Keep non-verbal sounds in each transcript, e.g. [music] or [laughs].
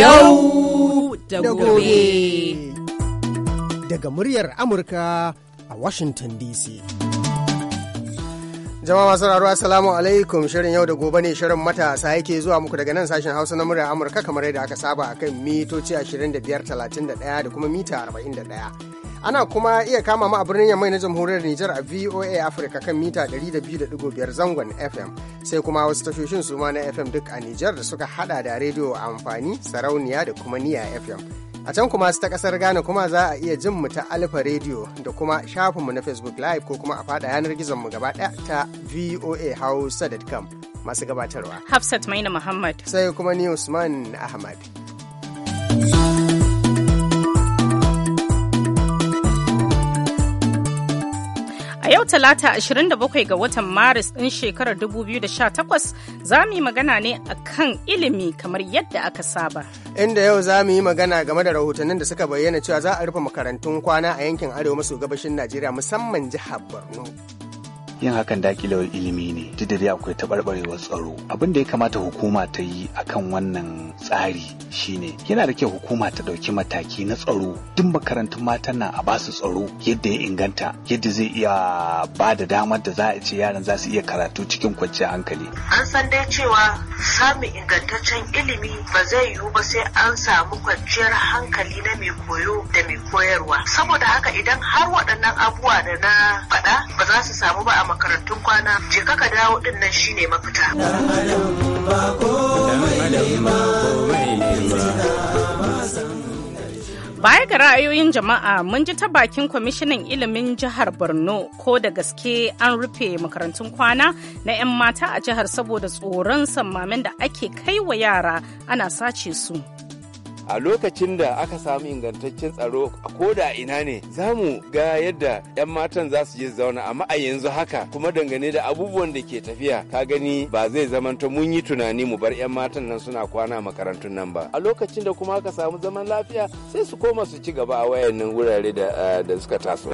Yau da gobe. Daga muryar Amurka a Washington DC. Jama'a masu raro Assalamu alaikum shirin yau da gobe ne shirin matasa yake zuwa muku daga nan sashen Hausa na muryar Amurka kamar yadda aka saba akan mitoci 25, 31 da kuma mita 41. Ana kuma iya kama mu a birnin Yamai na Jamhuriyar Nijar a VOA Africa kan mita 200.5 zangon FM. Sai kuma wasu tashoshin su ma na FM duk a Nijar da suka hada da rediyo amfani, sarauniya da kuma niya FM. A can kuma su ta kasar Ghana kuma za a iya jin mu ta Alfa Radio da kuma shafin mu na Facebook Live ko kuma a fada yanar gizon mu gaba daya ta voahausa.com masu gabatarwa. Hafsat Maina Muhammad. Sai kuma ni Usman Ahmad. yau talata 27 ga watan Maris ɗin shekarar 2018 za mu yi magana ne a kan ilimi kamar yadda aka saba. Inda yau za mu yi magana game da rahotannin da suka bayyana cewa za a rufe makarantun kwana a yankin arewa maso gabashin Najeriya musamman jihar Borno. yin hakan dakilewar ilimi ne duk da dai akwai taɓarɓarewar tsaro abin da ya kamata hukuma ta yi akan wannan tsari shine yana da kyau hukuma ta ɗauki mataki na tsaro duk makarantun matan nan a basu tsaro yadda ya inganta yadda zai iya ba da damar da za a ce yaran za su iya karatu cikin kwanciyar hankali an san dai cewa samun ingantaccen ilimi ba zai yiwu ba sai an samu kwanciyar hankali na mai koyo da mai koyarwa saboda haka idan har waɗannan abubuwa da na faɗa ba za su samu ba a makarantun kwana je ka dawo din nan shine mafita Baya ga ra'ayoyin jama'a mun ji ta bakin kwamishinan ilimin jihar Borno ko da gaske an rufe makarantun kwana na 'yan mata a jihar saboda tsoron sammamin da ake kai wa yara ana sace su. a lokacin da aka samu ingantaccen tsaro a koda ina ne za mu ga yadda 'yan matan za su je zauna amma a yanzu haka kuma dangane da abubuwan da ke tafiya ka gani ba zai zamanta mun yi tunani mu bar 'yan matan nan suna kwana makarantun nan ba a lokacin da kuma aka samu zaman lafiya sai su koma su ci gaba a wayannan wurare da eh, suka taso.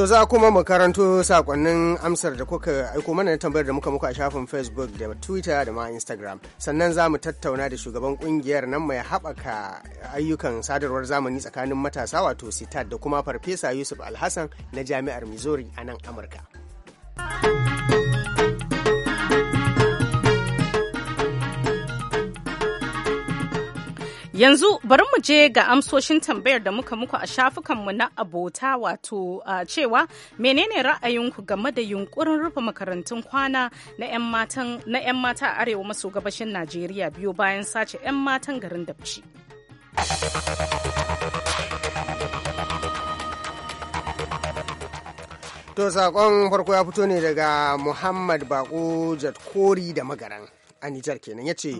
To za kuma mu karanto sakonnin amsar da kuka aiko mana na tambayar da muka muku a shafin Facebook da Twitter da ma Instagram. Sannan za mu tattauna da shugaban kungiyar nan mai haɓaka ayyukan sadarwar zamani tsakanin matasa wato sitat da kuma Farfesa Yusuf Alhassan na Jami'ar Missouri a nan Amurka. Yanzu bari mu je ga amsoshin tambayar da muka muku a shafukanmu na abota wato a cewa menene ra'ayinku game da yunkurin rufe makarantun kwana na 'yan mata a arewa maso gabashin Najeriya biyu bayan sace 'yan matan garin Dabci. To saƙon farko ya fito ne daga Muhammad Bako Jatkori da Magaran a Nijar kenan ya ce.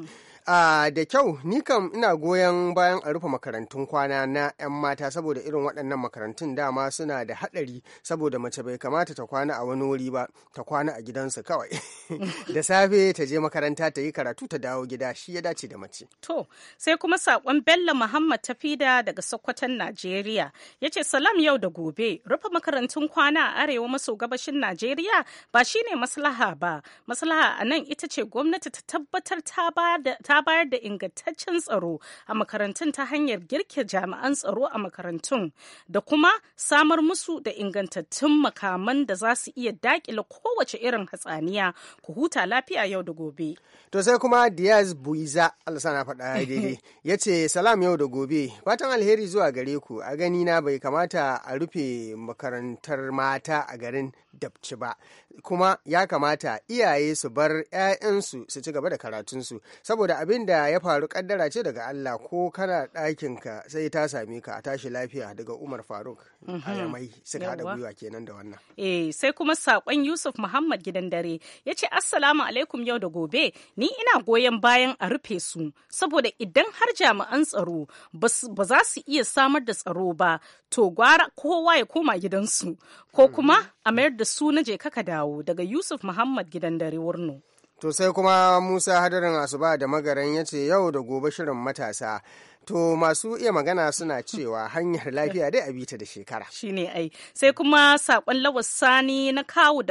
Uh, da kyau ni kam ina goyon bayan a rufe makarantun kwana na 'yan mata saboda irin waɗannan makarantun dama suna da haɗari saboda mace bai kamata ta kwana a wani wuri ba ta kwana a gidansu kawai [laughs] da safe ta je makaranta ta yi karatu ta dawo gida shi ya dace da mace to sai kuma saƙon bello muhammad tafida daga sokoton najeriya ya ce salam yau da gobe rufe makarantun kwana a arewa maso gabashin najeriya ba shine maslaha ba maslaha a nan ita ce gwamnati ta tabbatar ta ba da ta bayar da ingantaccen tsaro a makarantun ta hanyar girke jami'an tsaro a makarantun da kuma samar musu da ingantattun makaman da za su iya dakile kowace irin hatsaniya ku huta lafiya yau da gobe. To sai kuma Diaz Buiza Alsana faɗa daidai [laughs] ya ce salam yau da gobe fatan alheri zuwa gare ku a gani na bai kamata a rufe makarantar mata a garin dabci ba kuma ya kamata iyaye su bar 'ya'yansu su ci gaba da karatunsu saboda abin da ya faru kaddara ce daga Allah ko kana ɗakin ka sai ta same ka a tashi lafiya daga Umar Faruk mhm. Ayamai suka haɗa gwiwa kenan da wannan eh sai kuma saƙon Yusuf Muhammad gidan dare ya ce assalamu alaikum yau da gobe ni ina goyon bayan a rufe su saboda idan har jami'an tsaro ba za su iya samar da tsaro ba to gwara kowa ya koma gidansu ko mm. kuma a mayar da su na je kaka dawo daga Yusuf Muhammad gidan dare Wurno. To sai kuma Musa hadarin Asuba da magaran ya ce yau da gobe shirin matasa. To masu iya magana suna cewa hanyar lafiya dai a bita da shekara. Shi ai. Sai kuma sakon lawas sani na kawu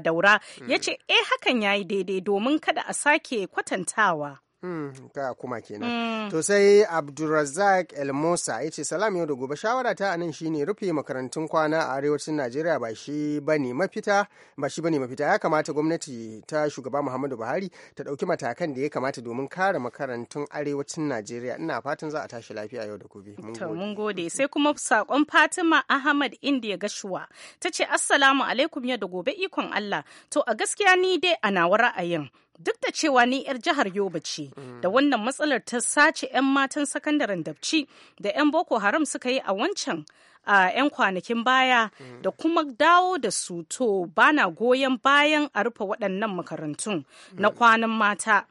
daura ya mm. ce, eh hakan ya yi daidai domin kada a sake kwatantawa. Hmm, ka kuma kenan hmm. to sai abdulrazak el musa ya ce salam yau da gobe shawara ta anan shine rufe makarantun kwana a arewacin najeriya ba shi bane mafita ba shi bane mafita ya kamata gwamnati ta shugaba muhammadu buhari ta dauki matakan da ya kamata domin kare makarantun arewacin najeriya ina fatan za a tashi lafiya yau da gobe mun gode sai kuma sakon fatima ahmad india gashuwa ta ce assalamu alaikum yau da gobe ikon allah to a gaskiya ni dai a nawa ra'ayin duk da cewa ni 'yar jihar yoba ce da mm. wannan matsalar ta sace 'yan matan sakandaren dabci da 'yan boko haram suka yi a wancan a 'yan kwanakin baya mm. da kuma dawo da su to bana goyon bayan a rufe waɗannan makarantun na mm. kwanan mata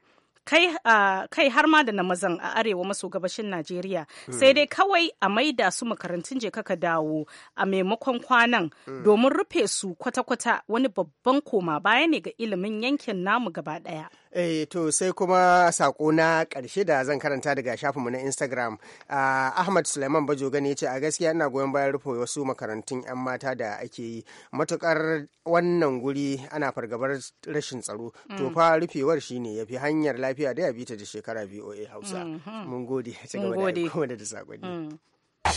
kai uh, kai har ma da namazan a arewa maso gabashin Najeriya sai hmm. dai kawai a maida su makarantun je kaka dawo a maimakon kwanan hmm. domin rufe su kwata-kwata wani babban koma baya ne ga ilimin yankin namu gaba daya. Eh, to sai kuma sako na ƙarshe da zan karanta daga shafinmu na Instagram. Uh, Ahmad Suleiman bajo ne ce a gaskiya ina goyon bayan rufe wasu makarantun 'yan mata da ake yi. Matukar wannan guri ana fargabar rashin tsaro. Mm. To fa rufewar shi ne ya fi hanyar lafiya da ya bita da shekara VOA Hausa. Mm-hmm. Mun gode. Mun da sakonni. Mm.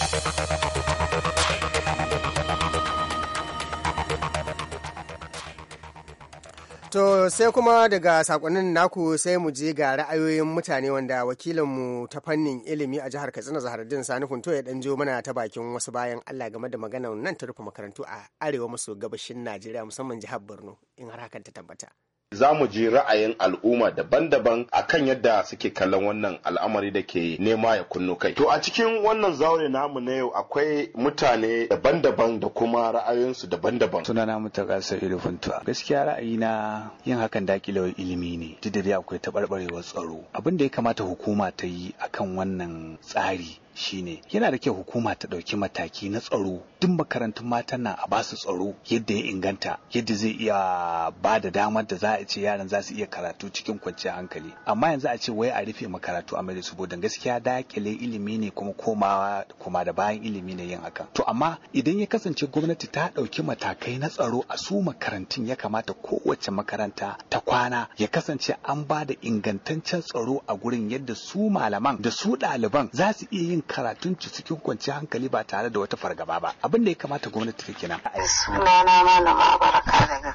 To sai kuma daga sakonnin naku sai mu je ga ra'ayoyin mutane wanda mu ta fannin ilimi a jihar Katsina Zahardin Sani Kunto ya dan mana ta bakin wasu bayan Allah game da maganar nan ta rufe makarantu a arewa maso gabashin Najeriya musamman jihar Borno in har hakan ta tabbata. za mu ji ra'ayin al'umma daban-daban a kan yadda suke kallon wannan al'amari da ke nema ya kunno kai to a cikin wannan zaure namu na yau akwai mutane daban-daban da kuma ra'ayoyinsu daban-daban Suna sunana mutaka sai ilifuntuwa gaskiya ra'ayi na yin hakan dakilewar ilimi ne duk da akwai taɓarɓarewar tsaro abin da ya kamata hukuma ta yi akan wannan tsari shine yana da kyau hukuma ta ɗauki mataki na tsaro duk makarantun matan nan a basu tsaro yadda ya inganta yadda zai iya ba da damar da za a ce yaran za su iya karatu cikin kwanciyar hankali amma yanzu a ce wai a rufe makarantu a mai su bodan gaskiya dakile ilimi ne kuma komawa kuma da bayan ilimi ne yin hakan to amma idan ya kasance gwamnati ta ɗauki matakai na tsaro a su makarantun ya kamata kowace makaranta ta kwana ya kasance an ba da ingantaccen tsaro a gurin yadda su malaman da su ɗaliban za su iya yin karatun cikin kwanciyar hankali ba tare da wata fargaba ba abin da ya kamata gwamnati ta kenan. sunana malama baraka daga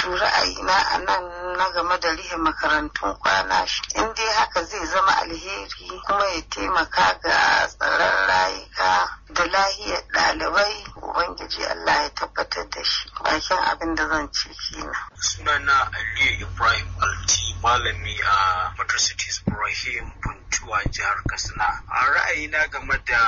to ra'ayina a nan na game da rihe makarantun kwana shi? in dai haka zai zama alheri kuma ya taimaka ga tsaron rayuka da lahiyar ɗalibai ubangiji Allah ya tabbatar da shi bakin abin da zan ci kina. suna sunana aliyu ibrahim alti malami a madrasatis ibrahim puntuwa jihar katsina a ra'ayina game da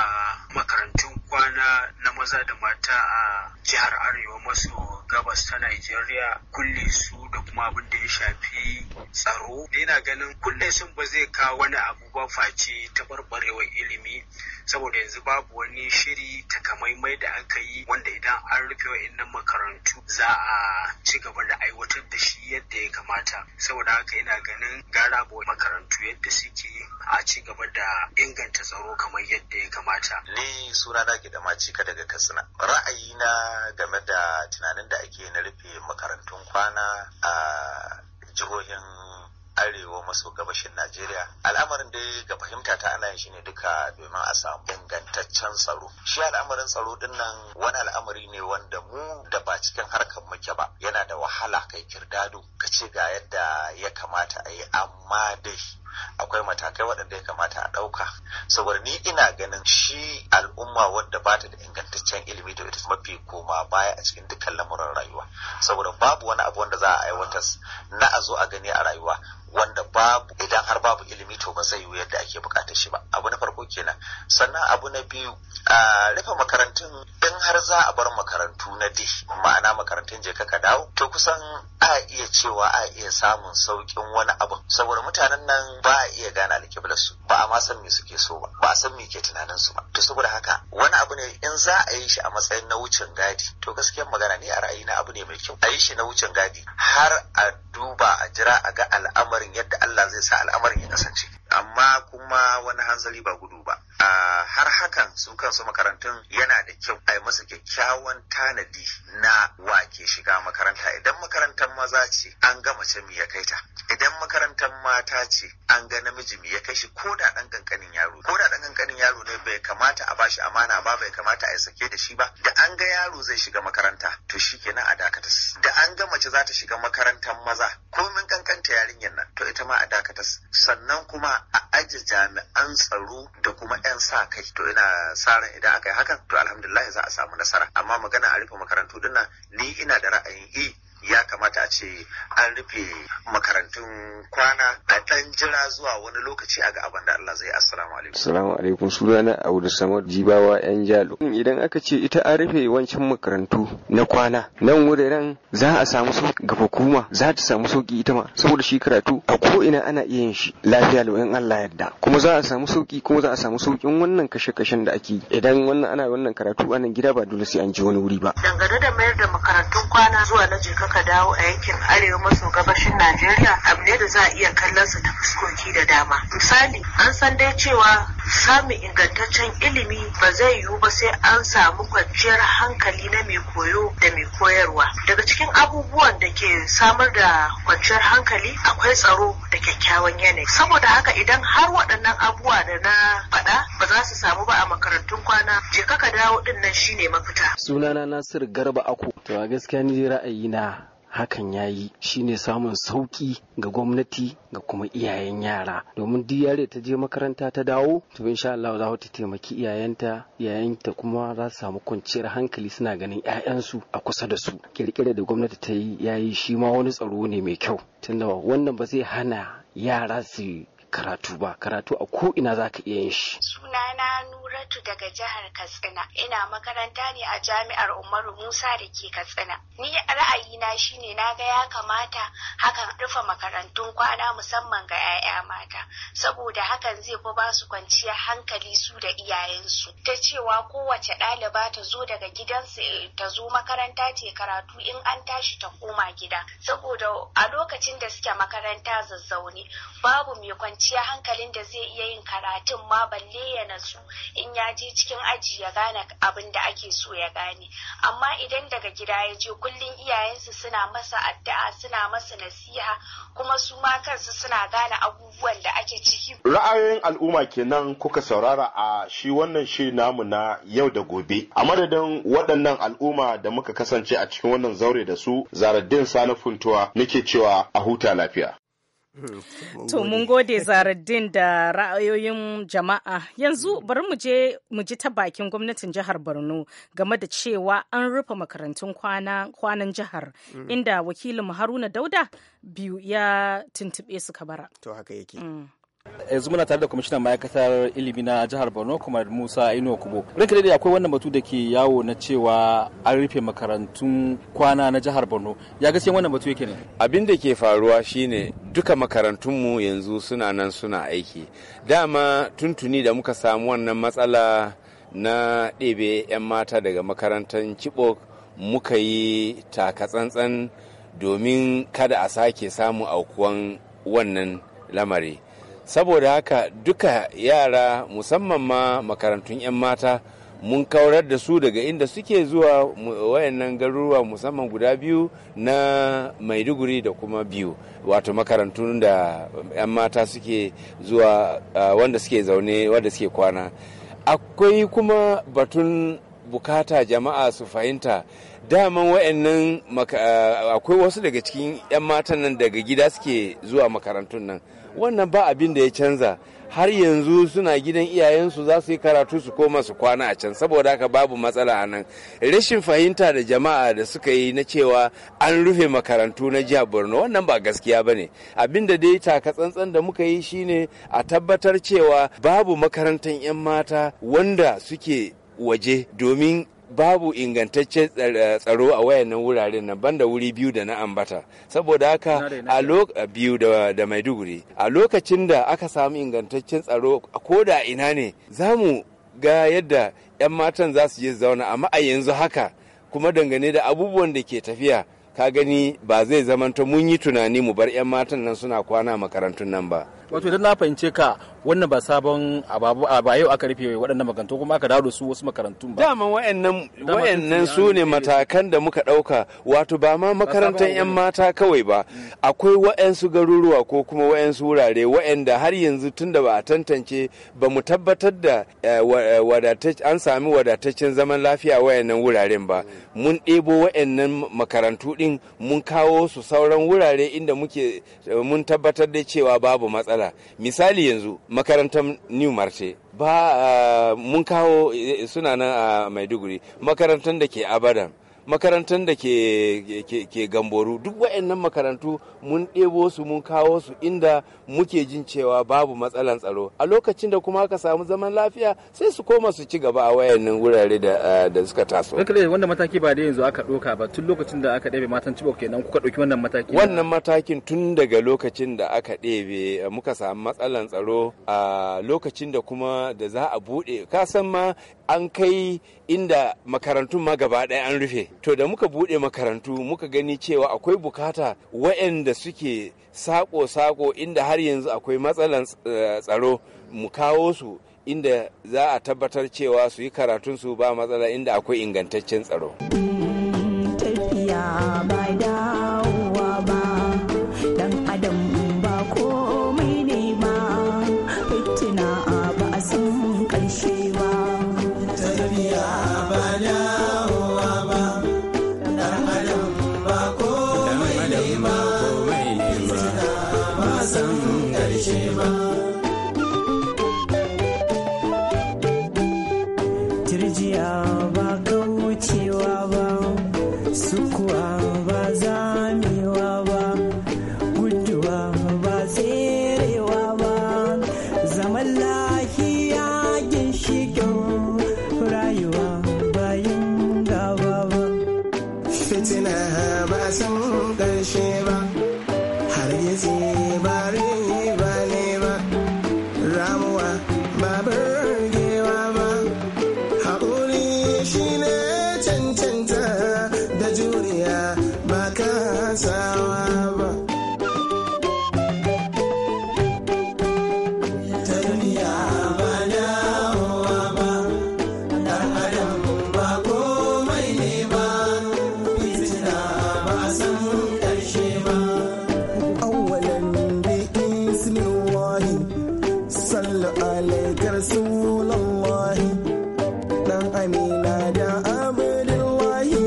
makarantun kwana na maza da mata a jihar arewa maso gabas ta Najeriya kulle su kuma abin da ya shafi tsaro da yana ganin kulle sun ba zai kawo wani abu ba face barbarewar ilimi saboda yanzu babu wani shiri takamaimai da aka yi wanda idan an rufe wa'annan makarantu za a ci gaba da aiwatar da shi yadda ya kamata saboda haka ina ganin gara makarantu yadda suke a ci gaba da inganta tsaro kamar yadda ya kamata ni suna na gida macika daga katsina Ra'ayi na game da tunanin da ake na rufe makarantun kwana a a jihohin arewa maso gabashin Najeriya. Al'amarin da ga fahimta ta ana yin shi ne duka domin a samu ingantaccen tsaro. Shi al'amarin tsaro din nan wani al'amari ne wanda mu da ba cikin harkar muke ba yana da wahala kai kirdado ka ce ga yadda ya kamata a yi amma dai akwai matakai waɗanda ya kamata a ɗauka saboda ni ina ganin shi al'umma wadda ba ta da ingantaccen ilimi to ita mafi koma baya a cikin dukkan lamuran rayuwa saboda babu wani abu wanda za a aiwatar na a zo a gani a rayuwa wanda babu idan har babu ilimi to ba zai yi yadda ake bukatar shi ba abu na farko kenan sannan abu na biyu a rufe makarantun in har za a bar makarantu na di ma'ana makarantun je ka dawo to kusan a iya cewa a iya samun saukin wani abu saboda mutanen nan ba a iya gane alkiblar su ba a ma san me suke so ba ba a san me ke tunanin su ba to saboda haka wani abu ne in za a yi shi a matsayin na wucin gadi to gaskiyar magana ne a ra'ayina abu ne mai kyau a shi na wucin gadi har a duba a jira a ga al'amarin yadda Allah zai sa al'amarin ya kasance amma kuma wani hanzari ba gudu ba har hakan su kansu makarantun yana da kyau a yi masa kyakkyawan tanadi na wake shiga makaranta idan makarantar maza ce an ga mace mi ya kai ta idan makarantar mata ce an ga namiji mi ya kai shi ko da dan kankanin yaro ko da dan kankanin yaro ne bai kamata a bashi amana ba bai kamata a yi sake da shi ba da an ga yaro zai shiga makaranta to shi kenan a dakata da an ga mace za ta shiga makarantar maza komin kankanta yarinyar nan to ita ma a sannan kuma a aji jami'an tsaro da kuma 'yan sa kai to ina sa ran idan aka yi hakan to alhamdulillah za a samu nasara amma magana a rufe makarantu dinnan ni ina da ra'ayin i eh, ya kamata a ce an rufe makarantun kwana a ɗan jira zuwa wani lokaci a ga abin da Allah zai assalamu alaikum. Assalamu alaikum sunana da Samad Jibawa yan jalo. Idan aka ce ita an rufe wancan makarantu na kwana nan wuraren za a samu sauki ga hukuma za ta samu sauki ita ma saboda shi karatu a ko ina ana iya yin shi lafiya lau in Allah yadda kuma za a samu sauki kuma za a samu saukin wannan kashe-kashen da ake idan wannan ana wannan karatu a nan gida ba dole sai an je wani wuri ba. Dangane da mayar da makarantun kwana zuwa na jeka suka dawo a yankin arewa maso gabashin Najeriya za a iya kallon su ta fuskoki da dama misali an san dai cewa samun ingantaccen ilimi ba zai yiwu ba sai an samu kwanciyar hankali na mai koyo da mai koyarwa daga cikin abubuwan da ke samar da kwanciyar hankali akwai tsaro da kyakkyawan yanayi saboda haka idan har waɗannan abubuwa da na faɗa ba za su samu ba a makarantun kwana je ka dawo ɗin nan shine mafita sunana nasir garba ako to a gaskiya ni ra'ayi na hakan ya yi shine samun sauki ga gwamnati ga kuma iyayen yara domin duk yare ta je makaranta ta dawo to insha Allah za ta taimaki iyayenta iyayenta kuma za su samu kwanciyar hankali suna ganin 'ya'yansu a kusa da su kirkire da gwamnati ta yi yayi shi ma wani tsaro ne mai kyau tunda wannan ba zai hana yara su karatu ba karatu a ko ina za ka iya yin shi sunana nu Sauratu daga jihar Katsina. Ina makaranta ne a jami'ar Umaru Musa da ke Katsina. Ni ra'ayina shine na ga ya kamata hakan rufe makarantun kwana musamman ga 'ya'ya mata. Saboda hakan zai fi ba su kwanciyar hankali su da iyayensu. Ta cewa kowace ɗaliba ta zo daga gidansu eh, ta zo makaranta ce karatu in an tashi ta koma gida. Saboda a lokacin da suke makaranta zazzaune babu mai kwanciya hankalin da zai iya yin karatun ma balle ya natsu in ya je cikin aji ya gane abin da ake so ya gane amma idan daga gida ya je kullum iyayensu suna masa addu'a suna masa nasiha kuma su ma kansu suna gane abubuwan da ake ciki ra'ayoyin al'umma kenan kuka saurara a shi wannan shi namu na yau da gobe a madadin waɗannan al'umma da muka kasance a cikin wannan zaure da su zaradin sani funtuwa nake cewa a huta lafiya To mun gode zaradin da ra'ayoyin jama'a. Yanzu bari mu je mu ji ta bakin gwamnatin jihar Borno game da cewa an rufe makarantun kwanan jihar mm. inda wakilin Haruna Dauda biyu ya tuntube suka bara. To haka yake. Mm. yanzu muna tare da kwamishinan ma'aikatar ilimi na jihar borno kuma musa ino kubo ranka daidai akwai wannan batu da ke yawo na cewa an rufe makarantun kwana na jihar borno ya gaske wannan batu yake ne abin da ke faruwa shine duka makarantunmu yanzu suna nan suna aiki dama tuntuni da muka samu wannan matsala na ɗebe 'yan mata daga makarantar chibok muka yi takatsantsan domin kada a sake samu aukuwan wannan lamari saboda haka duka yara musamman ma makarantun 'yan mata mun kaurar da su daga inda suke zuwa wayannan garuruwa musamman guda biyu na maiduguri da kuma biyu wato makarantun da 'yan mata suke zuwa wanda suke zaune wanda suke kwana akwai kuma batun bukata jama'a su fahimta daman wayannan nan akwai wasu daga cikin 'yan matan nan daga gida suke zuwa makarantun nan wannan ba abin da ya canza har yanzu suna gidan iyayensu za su yi karatu su koma su kwana a can saboda haka babu matsala a nan rashin fahimta da jama'a da suka yi na cewa an rufe makarantu na jihar borno wannan ba gaskiya ba ne abin da dai taka tsantsan da muka yi shine a tabbatar cewa babu makarantar 'yan mata wanda suke waje domin babu ingantaccen eh, tsaro a wayannan wuraren nan banda wuri biyu da na ambata saboda haka a biyu da maiduguri a lokacin da aka samu ingantaccen tsaro ko da ina ne za mu ga yadda 'yan matan za su je zauna amma a yanzu haka kuma dangane da abubuwan da ke tafiya ka gani ba zai zamanta mun yi tunani mu bar 'yan matan nan suna kwana makarantun nan ba wato idan na fahimce ka wannan ba sabon ba yau aka rufe waɗannan makarantu kuma aka dawo su wasu makarantun ba dama wa'annan su ne matakan da muka ɗauka wato ba ma makarantar yan mata kawai ba akwai wa'ansu garuruwa ko kuma wa'ansu wurare wa'anda har yanzu tun da ba a tantance ba mu tabbatar da eh, eh, an sami wadataccen zaman lafiya wa'annan wuraren ba mun ɗebo wa'annan makarantu ɗin mun kawo su sauran wurare inda muke eh, mun tabbatar da cewa babu matsala matsala misali yanzu makarantar new marche ba mun kawo eh, suna nan a maiduguri makarantar da ke abadan makarantar da ke, ke, ke gamboru duk waɗannan makarantu mun ɗebo su mun kawo su inda muke jin cewa babu matsalan tsaro a lokacin da kuma aka samu zaman lafiya sai su koma su ci gaba a wayannin wurare da suka taso wannan mataki ba da yanzu aka doka ba tun lokacin da aka ɗebe matan cibo kenan kuka ɗauki wannan mataki wannan matakin tun daga lokacin da aka ɗebe eh, muka samu matsalan tsaro a lokacin da kuma da za a buɗe ka san ma an kai inda makarantun ma gaba ɗaya an rufe to da muka buɗe makarantu muka gani cewa akwai bukata waɗanda suke sako-sako inda har yanzu akwai matsalan eh, tsaro mu kawo su inda za a tabbatar cewa su yi su ba matsala inda akwai ingantaccen tsaro. Tafiya kirjiya ba wucewa ba kuwa. sallu alaika rasulullahi dan amina da abdullahi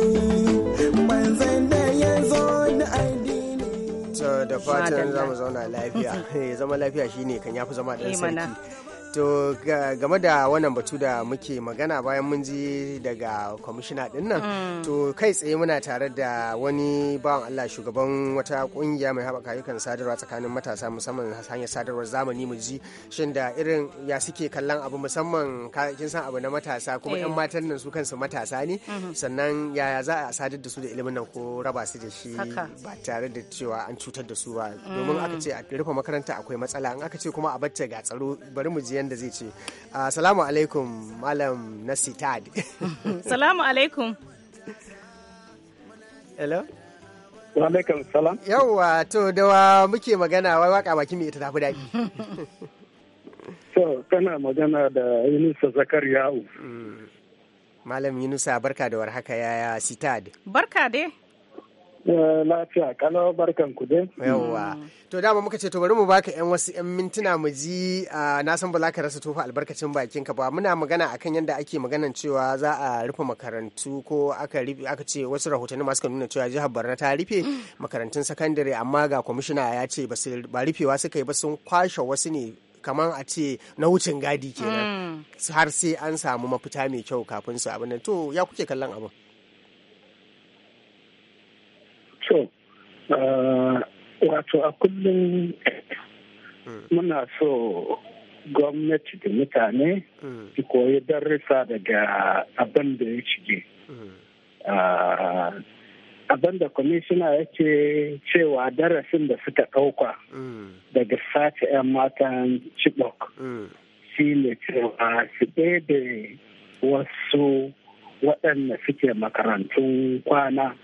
manzan da ya zo da addini da fatan zamu zauna lafiya [laughs] eh, zama lafiya shine kan yafi zama dan eh, sarki to game da wannan batu da muke magana bayan mun ji daga kwamishina din nan mm. to kai tsaye muna tare da wani bawan Allah shugaban wata kungiya mai haɓaka ayyukan sadarwa tsakanin matasa musamman hanyar sadarwar zamani mu ji shin da irin ya suke kallon abu musamman kin san abu na matasa kuma yan eh. matan nan su kansu matasa ne mm-hmm. sannan yaya za a sadar da su da ilimin nan ko raba su da shi ba tare da cewa an cutar da su ba mm. domin aka ce a rufe makaranta akwai matsala in aka ce kuma a bacce ga tsaro bari mu je abin da zai ce ah, salamu alaikum malam na sitad [laughs] salamu alaikum hello alaikum salam yawwa to da wa muke magana wai waka baki mai ita tafi daɗi [laughs] to kana magana da yunusa Zakar Yawu. Mm. malam yunusa barka da warhaka yaya sitad barka dai Eh, lafiya kalau barkan ku dai mm. to dama muka ce to bari mu baka yan wasu yan mintuna mu ji na san ba za ka rasa tofa albarkacin bakin ka ba muna magana akan yadda ake maganan cewa za a rufe makarantu ko aka aka ce wasu rahotanni masu kanuna nuna cewa jihar Borno ta rufe mm. makarantun sakandare amma ga kwamishina ya ce ba rufewa suka yi ba sun kwashe wasu ne kamar a ce na wucin gadi kenan mm. har sai an samu mafita mai kyau kafin su abin to ya kuke kallon abin To, ah, wato a kullum hmm. muna so gwamnati da mutane hmm. su koyi darussa daga abin da ya shige. Hmm. Ah, abin da kwamishina ce cewa darasin da suka ɗauka daga sace 'yan matan Chibok shi ne cewa su ɗebe wasu waɗanda suke makarantun kwana.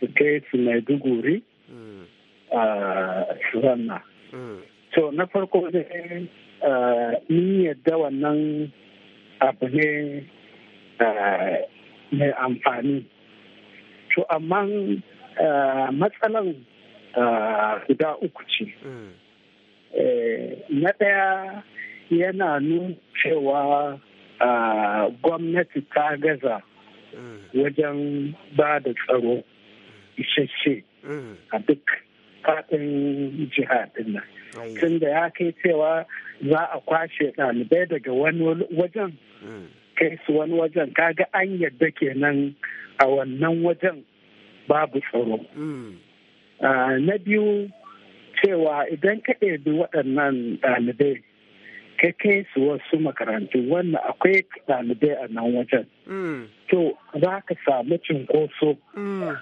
su su maiduguri a so na farko dai ni yadda wannan abu ne mai amfani to amma matsalan guda uku ce eh, na ɗaya yana nuna cewa gwamnati ta gaza wajen ba da tsaro isasshe mm. a duk faɗin jiha dinnan nan. Tun da ya kai cewa za a kwashe ɗalibai daga wani wajen mm. kai su wani wajen kaga an yadda kenan a wannan wajen babu tsaro. Mm. Ah, na biyu cewa idan ka ɗebi waɗannan ɗalibai ka kai su wasu makarantu wannan akwai ɗalibai a nan wajen. Mm. To za ka samu cinkoso mm.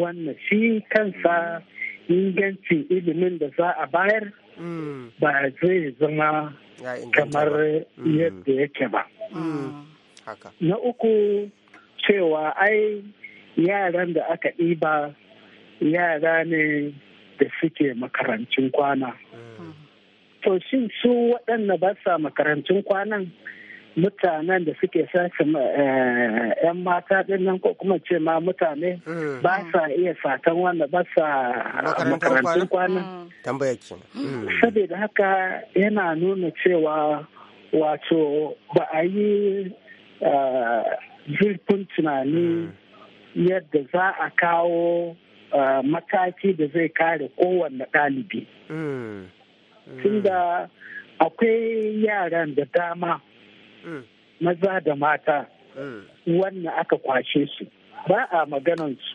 wannan shi kansa ingancin ilimin da za a bayar mm. ba zai zama kamar yadda yake ba. Na uku cewa ai yaran da aka ɗiba yara ne da suke makarancin kwana. to shin su waɗanda ba sa makarantun kwanan mutanen da suke sace yan eh, mata nan ko kuma ce ma mutane mm. ba sa iya satan wanda ba sa makarantun kwanan mm. mm. saboda haka yana nuna cewa wato ba a yi eh, zurfin tunani yadda za a kawo eh, mataki da zai kare kowanne ɗalibi. Mm. tunda akwai yaran da dama mm. maza da mata mm. wannan aka kwashe su ba a maganan su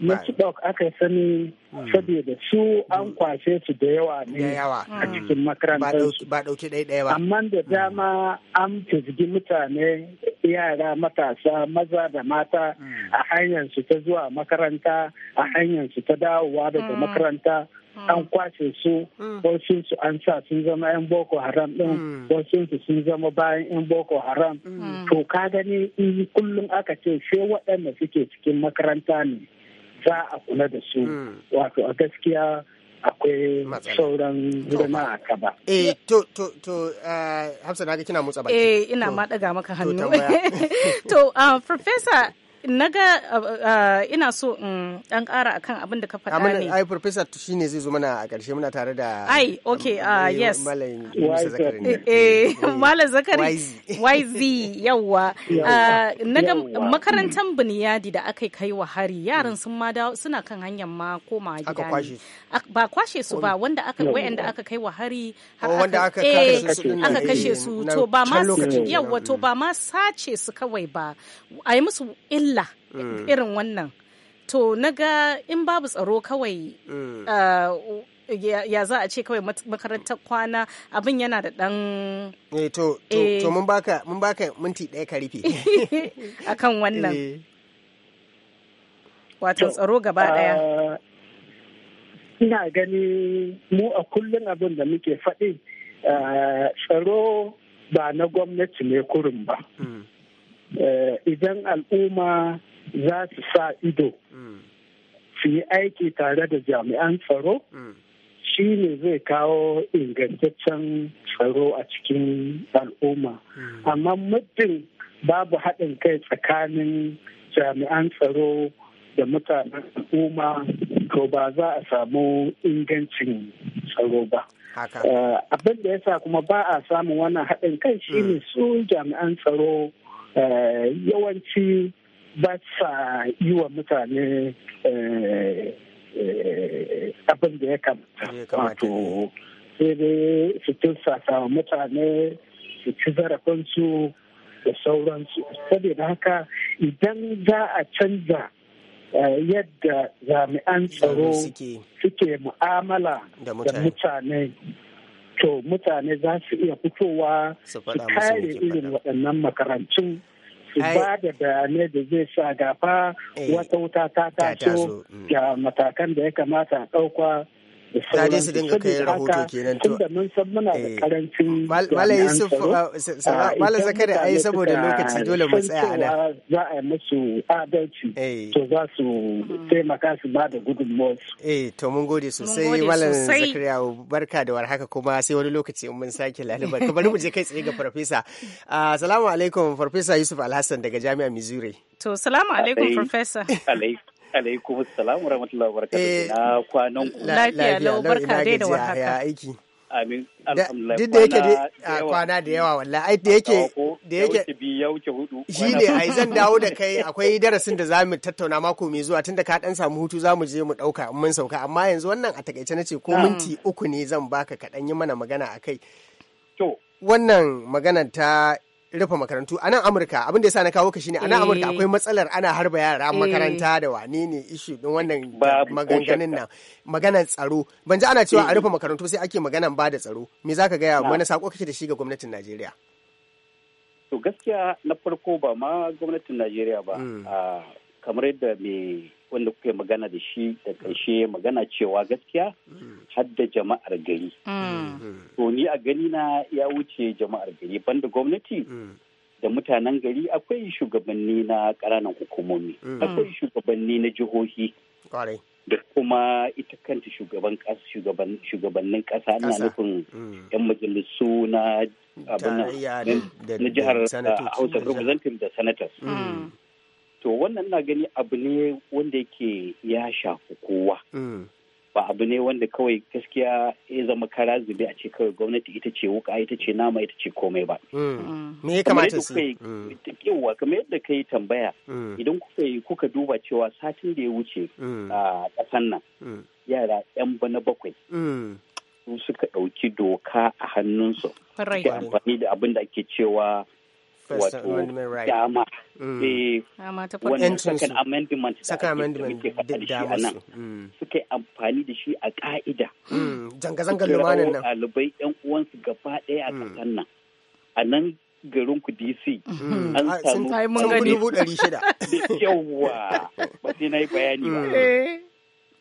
masu hmm. aka sani hmm. saboda su an kwashe su da yawa ne a hmm. cikin makarantar su ba ɗaya ba amma da dama an fizgi mutane yara matasa maza da mata a hanyar su ta zuwa makaranta a hanyar su ta dawowa daga makaranta an mm. kwace su mm. sun su an sa sun zama yan boko haram din mm. sun su sun zama bayan yan boko haram to ka gani kullum aka ce sai waɗanda suke cikin makaranta ne za a kula da su wato a gaskiya akwai sauran zama a kaba. Eh to to to eh, Hafsa na ga kina motsa baki. Eh ina ma daga maka hannu. [laughs] To uh, Professor naga uh, uh, ina so in dan kara akan abin da ka faɗa ne ai professor shine zai zo mana a ƙarshe muna tare da ai okay uh, yes malam eh, eh, eh [laughs] malam zakari yz yawa [laughs] uh, naga makarantar mm. buniyadi da aka kai wa hari yaran mm. sun ma suna kan hanyar ma koma gida ne ba kwashe su ba wanda aka wayanda aka kai wa hari har oh, aka kashe eh, su to ba ma yawa to ba ma sace su kawai ba ai musu illa illa mm. irin wannan to naga in babu tsaro kawai mm. uh, ya za a ce kawai makarantar kwana abin yana da dan eh to eh. to mun baka mun baka minti ɗaya ka rufe [laughs] akan wannan eh. wato tsaro gaba uh, ɗaya ina gani mu a kullun abin da muke faɗi uh, tsaro ba na gwamnati ne kurin ba mm. Eh, idan al'umma za su sa ido mm. su yi aiki tare da jami'an tsaro mm. shi ne zai kawo ingantaccen tsaro a cikin al'umma mm. amma muddin babu haɗin kai tsakanin jami'an tsaro da mutanen al'umma to ba za a samu ingancin tsaro ba eh, abin da ya sa kuma ba a samun wannan haɗin kai Shi ne su jami'an tsaro Eh, yawanci ba sa yi wa mutane eh, eh, abin da ya kamata wato sai dai su tilsasa wa mutane su ci zarafinsu da sauransu saboda haka idan za a canza yadda jami'an tsaro suke mu'amala da mutane to mutane za su iya fitowa su kare irin waɗannan makarantu, su ba da bayanai da zai sa gafa eh. wata wuta ta taso da mm. matakan da ya kamata a ɗauka da dai su dinga kai rahoto kenan to mun san muna da eh, karancin mala yusuf uh, mala zakari ai saboda lokaci dole mu tsaya ana za a yi musu adalci eh. to za su taimaka su ba da gudunmuwar eh to mun gode sosai malam zakariya barka da warhaka kuma sai wani lokaci in mun sake lalibar bari mu je kai tsaye ga farfesa assalamu ah, alaikum farfesa yusuf alhassan daga jami'a missouri to salamu alaikum farfesa alaikum alaikum assalamu warahmatullahi wabarakatuh eh, na kwanan ku lafiya lau barka dai da warhaka ya aiki amin alhamdulillah duk da yake kwana da yawa wallahi ai da yake da yake bi ya wuce hudu ne ai zan dawo da kai [laughs] akwai darasin da zamu tattauna mako mai zuwa tunda ka dan samu hutu zamu je mu dauka mun sauka amma yanzu wannan a takaice nace ko minti uku ne zan baka ka dan yi mana magana akai to wannan maganar ta rufe makarantu a nan amurka abinda da ya sa na kawo ka shine a nan amurka eh. akwai matsalar ana harba yara makaranta eh. da ni ne ishi don wannan maganganun nan maganar tsaro ban ji ana cewa a eh. rufe makarantu sai ake maganan ba da tsaro me zaka gaya wani sako kake da shi ga gwamnatin najeriya to gaskiya na farko ba ma gwamnatin najeriya ba hmm. ah, kamar yadda mai wanda kuka magana da shi da ƙarshe magana cewa gaskiya hadda jama'ar gari. To ni a gani na ya wuce jama'ar gari banda gwamnati da mutanen gari akwai shugabanni na ƙananan hukumomi, akwai shugabanni na jihohi. da kuma ita kanta shugaban shugabannin ƙasa na nufin yan mm. majalisu na abin na jihar hausa uh, representative da senators mm. to wannan na gani abu ne wanda yake ya shafi kowa mm. ba abu ne wanda kawai gaskiya ya zama kara zube a ce kawai gwamnati ita ce wuka ita ce nama ita ce komai ba. Mm. Mm. Me ya kamata su Yawwa kamar yadda ka yi tambaya idan kuka kuka duba cewa satin da ya wuce a ƙasan nan yara yan bana bakwai su suka ɗauki doka a hannunsu. Suke amfani da abin da ake cewa wato dama mm. wannan second amendment da ake muke faɗa da shi a nan Suke amfani da shi a ƙa'ida mm. zanga-zangar lumanin nan ɗalibai yan uwansu gaba ɗaya a mm. ƙasar nan a nan garin ku DC. An samu dubu ɗari shida. [laughs] Yawwa, ba sai na yi bayani ba. Eh.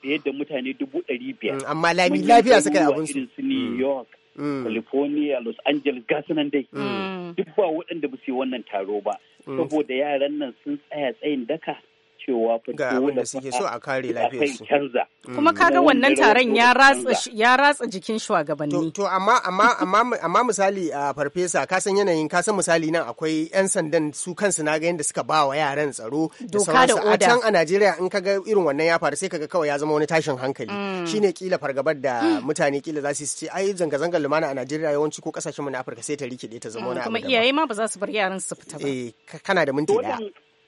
Da yadda mutane dubu ɗari biyar. Amma lafiya suka yi abin su. New York, Mm. california los angeles gasu nan dai mm. duk ba waɗanda ba su yi wannan taro ba mm. saboda yaran nan sun tsaya tsayin daka cewa suke so a kare lafiyarsu canza kuma kaga wannan taron ya ratsa ya ratsa jikin shugabanni to amma amma amma misali a farfesa ka san yanayin ka san misali nan akwai yan sandan su kansu na ga yanda suka ba wa yaran tsaro da sauransu a can a Najeriya in kaga irin wannan ya faru sai kaga kawai ya zama wani tashin hankali mm. shine kila fargabar da mm. mutane kila za su ce ai zanga zangar lumana a Najeriya yawanci ko kasashen mu na Afirka sai ta rikide ta zama wani kuma iyaye ma ba za su bar yaran su fita ba eh kana da minti daya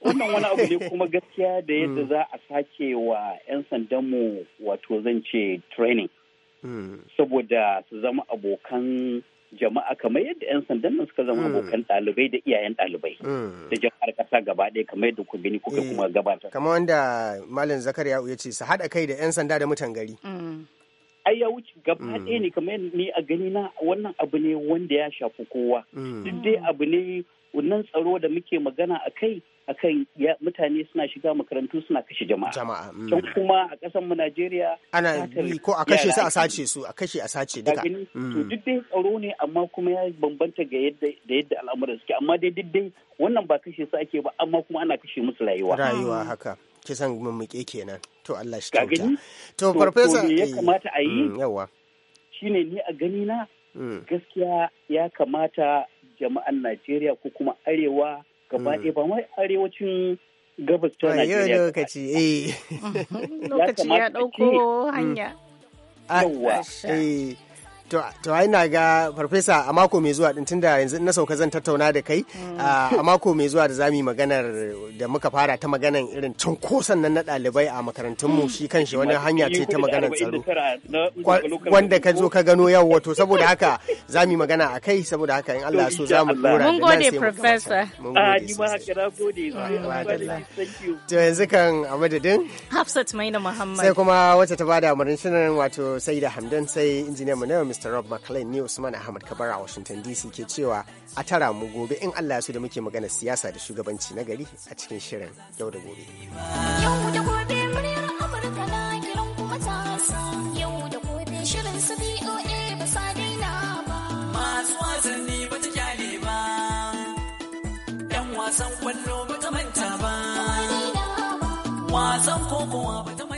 wannan wani abu ne kuma [laughs] gaskiya da yadda mm. za a sake wa 'yan sandanmu wato zan ce training mm. saboda su zama abokan jama'a kamar yadda 'yan sandan nan suka zama mm. abokan ɗalibai da iyayen ɗalibai da jama'ar ƙasa gaba ɗaya kamar yadda ku gani kuka kuma gabata. kamar wanda malam zakariya ya ce su haɗa kai da 'yan sanda da mutan gari ai ya wuce gaba ɗaya ne kamar ni a gani na wannan abu ne wanda ya shafi kowa duk dai abu ne wannan tsaro da muke magana a kai a kan mutane suna shiga makarantu suna kashe jama'a. Jama'a. Can mm. kuma a ƙasar mu Najeriya. Ana yi ko a kashe su a sace su a kashe a sace duka. Mm. To duk dai tsaro ne amma kuma ya bambanta ga yadda da yadda al'amuran suke amma dai duk dai wannan ba kashe su ake ba amma kuma ana kashe musu rayuwa. Rayuwa haka. Kisan mummuke kenan. To Allah shi kyauta. To farfesa. ya kamata a yi. Mm, Yawa. Shine ni a gani na. Gaskiya ya kamata jama'an Najeriya ko kuma arewa gaba hmm. ɗaya ba wai arewacin gabas ta ah, Najeriya. lokaci eh. [laughs] Lokaci ya ɗauko hmm. hanya. Ah, Yawwa. Ah, eh. to ai na ga farfesa a mako mai zuwa din tunda yanzu na sauka zan tattauna da kai mm. a mako mai zuwa da zamu yi maganar da muka fara ta maganar irin cunkoson nan na ɗalibai a makarantun mu mm. shi kanshi wani hanya ce ta maganar tsaro wanda ka zo ka gano yau wato saboda haka [laughs] za mu yi magana a kai saboda haka in Allah so za mu dora mun gode professor mun gode ah, to yanzu kan a madadin Hafsat Maina Muhammad sai kuma wacce ta bada umarnin shirin wato Saida Hamdan sai injiniyan mu ne Mr Mr. Rob McLean ne Usman Ahmad Kabara a Washington DC ke cewa a tara mu gobe in Allah su da muke magana siyasa da shugabanci na gari a cikin shirin yau da gobe. ba sa wasan kwallo ba wasan kokowa ba ta